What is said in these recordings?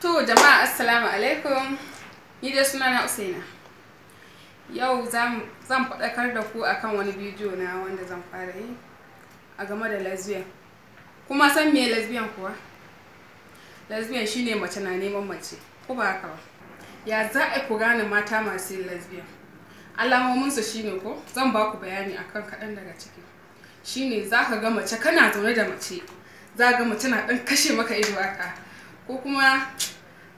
To jama'a assalamu alaikum ni da sunana Usaina yau zan faɗakar da ku akan wani bidiyo na wanda zan fara yi a game da lesbian kuma san me lesbian kuwa lesbian shine mace na neman mace ko ba haka ba ya za a ku gane mata masu lesbian alamomin su shine ko zan ba ku bayani akan kaɗan daga ciki shine za ka ga mace kana zaune da mace za ga mace na ɗan kashe maka ido haka ko kuma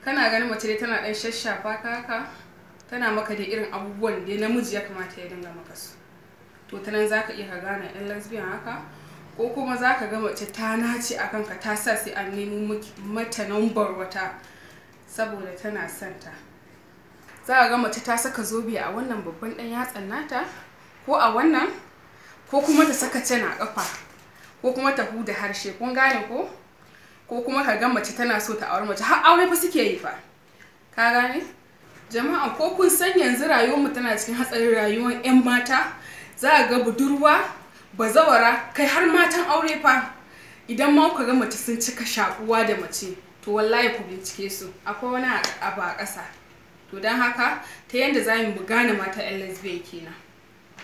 kana ganin mace dai tana dan shashafa ka haka tana maka da irin abubuwan da namiji ya kamata ya dinga maka su to ta nan zaka iya ka gane yan lesbian haka ko kuma zaka ga mace ta nace a kanka ta sa sai an nemi mata nambar wata saboda tana son ta za ga mace ta saka zobe a wannan babban dan yatsan nata ko a wannan ko kuma ta saka cana a kafa ko kuma ta huda harshe kun gane ko ko kuma ka ga mace tana so ta auri mace har aure fa suke yi fa ka gane jama'a ko kun san yanzu rayuwarmu tana cikin hatsarin rayuwar 'yan mata za a ga budurwa bazawara kai har matan aure fa idan ma ku ga mace sun cika shakuwa da mace to wallahi ku bincike su akwai wani abu a ƙasa to don haka ta yadda za mu gane mata 'yan lesbian kenan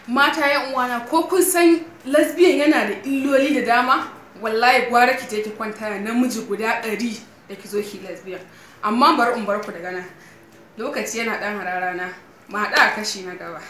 mata 'yan uwana ko kun san lesbian yana da illoli da dama wallahi gwara ki je ki kwanta da namiji guda ɗari da ki zo ki lesbian amma bar in bar ku daga nan lokaci yana ɗan hararana ma haɗa kashi na gaba